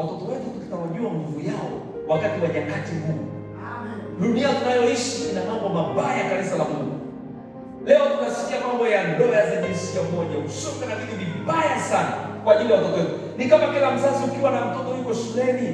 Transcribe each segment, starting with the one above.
watoto wetu tutawajua nguvu yao wakati wa nyakati ngumu. Dunia tunayoishi ina mambo mabaya, kanisa la Mungu. Leo tunasikia mambo ya ndoa za jinsia moja, ushoga na vitu vibaya sana kwa ajili ya watoto wetu. Ni kama kila mzazi, ukiwa na mtoto yuko shuleni,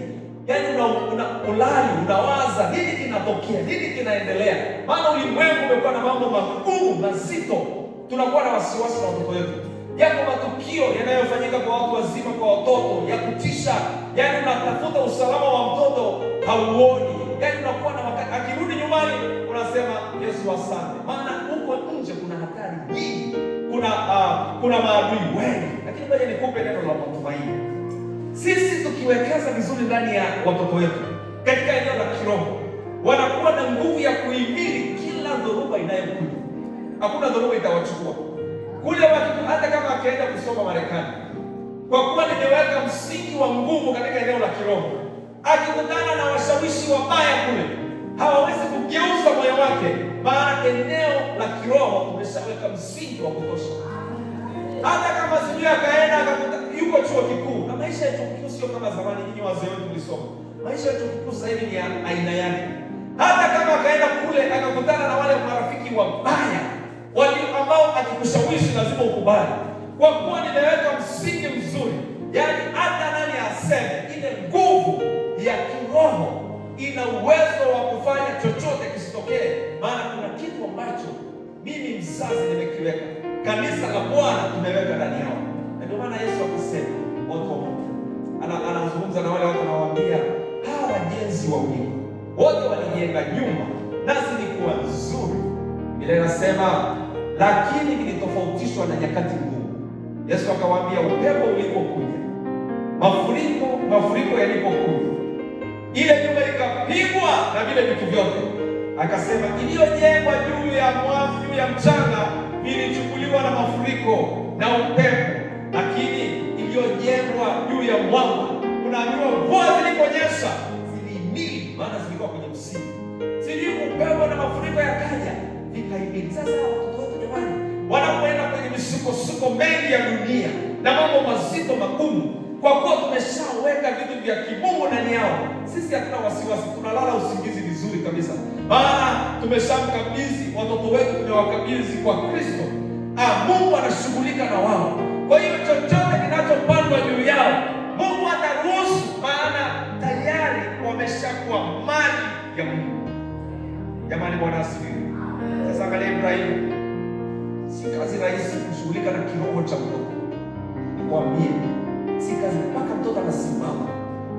yaani una, una ulali unawaza nini kinatokea, nini kinaendelea, maana ulimwengu umekuwa na mambo magumu mazito. Tunakuwa na wasiwasi na watoto wetu. Yako matukio yanayofanyika kwa watu wazima, kwa watoto ya kutisha yani unatafuta usalama wa mtoto hauoni, yani unakuwa na wakati akirudi nyumbani unasema Yesu asante, maana huko nje kuna hatari nyingi, kuna uh, kuna maadui wengi, lakini ngoja nikupe neno la matumaini. Sisi tukiwekeza vizuri ndani ya watoto wetu katika eneo la kiroho, wanakuwa na nguvu ya kuhimili kila dhoruba inayokuja. Hakuna dhoruba itawachukua kule watu, hata kama akienda kusoma Marekani kwa kuwa nimeweka msingi wa nguvu katika eneo la kiroho. Akikutana na washawishi wabaya kule, hawawezi kugeuza moyo wake, maana eneo la kiroho umeshaweka msingi wa kutosha. Hata kama sijui akaenda yuko chuo kikuu, na maisha ya chuo kikuu sio kama zamani. Nyinyi wazee wetu mlisoma, maisha ya chuo kikuu sasa hivi ni aina yake. Hata kama akaenda kule akakutana na wale marafiki wabaya ambao akikushawishi lazima ukubali kwa kuwa nimeweka msingi mzuri. Yaani hata nani aseme, ile nguvu ya kiroho ina uwezo wa kufanya chochote kisitokee, maana kuna kitu ambacho mimi mzazi nimekiweka, kanisa la Bwana tumeweka ndani yao, na ndio maana Yesu akisema watu anazungumza na wale watu anawaambia, hawa wajenzi wawili wote walijenga nyumba, nasi ni kuwa nzuri. Biblia inasema lakini vilitofautishwa na nyakati Yesu akawaambia, upepo ulipokuja, mafuriko mafuriko yalipokuja, ile nyumba ikapigwa na vile vitu vyote. Akasema iliyojengwa juu ya mwafu ya mchanga vilichukuliwa na mafuriko na upepo, lakini iliyojengwa juu ya mwamba, unajua mvua zilikonyesha zilihimili, maana zilikuwa kwenye msingi. Sijui upepo na mafuriko yakaja, vikahimili sasa misukosuko mengi ya dunia na mambo mazito magumu, kwa kuwa tumeshaweka vitu vya kimungu ndani yao, sisi hatuna wasiwasi, tunalala usingizi vizuri kabisa, maana tumeshamkabidhi watoto wetu, tumewakabidhi kwa Kristo. Ah, Mungu anashughulika na wao. Kwa hiyo chochote kinachopandwa juu yao Mungu ataruhusu, maana tayari wameshakuwa mali ya Mungu. Jamani, Bwana asifiwe. Sasa angalia Ibrahimu kazi rahisi kushughulika na kiroho cha mtoto. Nikwambie, si kazi mpaka mtoto anasimama,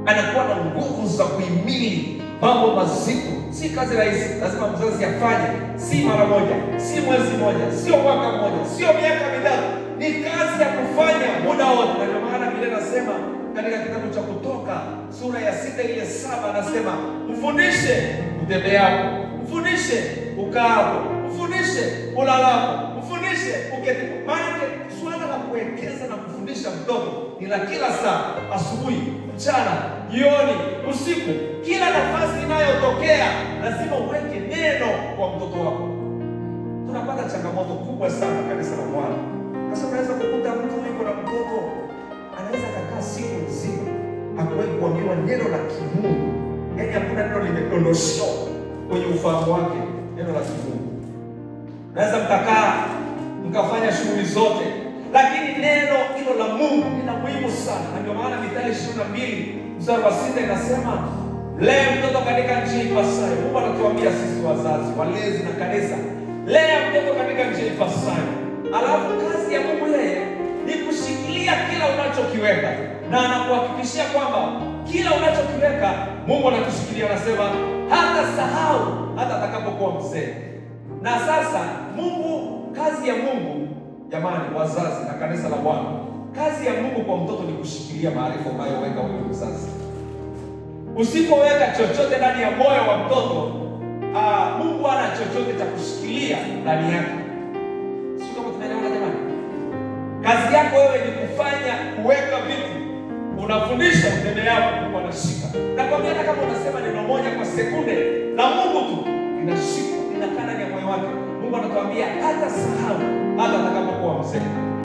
anakuwa na nguvu za kuhimili mambo mazito. Si kazi rahisi, lazima mzazi afanye, si mara moja, si mwezi moja, sio mwaka mmoja, sio miaka mitatu, ni kazi ya kufanya muda wote. Na ndio maana vile nasema katika kitabu cha Kutoka sura ya sita ile saba anasema mfundishe utembeapo, mfundishe ukaapo, mfundishe ulalapo Mfundishe ukete. Maana swala la kuwekeza na kufundisha mdogo ni la kila saa, asubuhi, mchana, jioni, usiku, kila nafasi inayotokea lazima uweke neno kwa mtoto wako. Tunapata changamoto kubwa sana kanisa la Bwana. Sasa unaweza kukuta mtu yuko na mtoto anaweza kakaa siku nzima hakuwahi kuambiwa neno la kimungu, yaani hakuna neno limedondoshwa kwenye ufahamu wake, neno la kimungu. Naweza mkakaa ukafanya shughuli zote, lakini neno hilo la Mungu lina muhimu sana, na ndio maana Mithali ishirini na mbili mstari wa sita inasema lee mtoto katika njia ipasayo. Mungu anatuambia sisi wazazi, walezi na kanisa, lea mtoto katika njia ipasayo. Alafu kazi ya Mungu yeye ni kushikilia kila unachokiweka, na anakuhakikishia kwamba kila unachokiweka Mungu anakushikilia, anasema hata sahau hata atakapokuwa mzee. Na sasa Mungu kazi ya Mungu jamani, wazazi na kanisa la Bwana, kazi ya Mungu kwa mtoto ni kushikilia maarifa unayoweka huyo mzazi. Usipoweka chochote ndani ya moyo wa mtoto, uh, Mungu ana chochote cha kushikilia ndani yake. Sio kama tunaelewana jamani? Kazi yako wewe ni kufanya kuweka vitu, unafundisha mtende yako, nashika. anashika. kwa maana kama unasema neno moja kwa sekunde, na Mungu tu inashika, inakana ya moyo wake. Mungu anakuambia hata sahau hata atakapokuwa mzee.